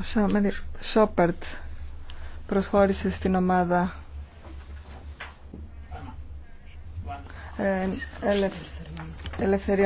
Ο Σόπερτ προσχώρησε στην ομάδα ε, ελευθερία.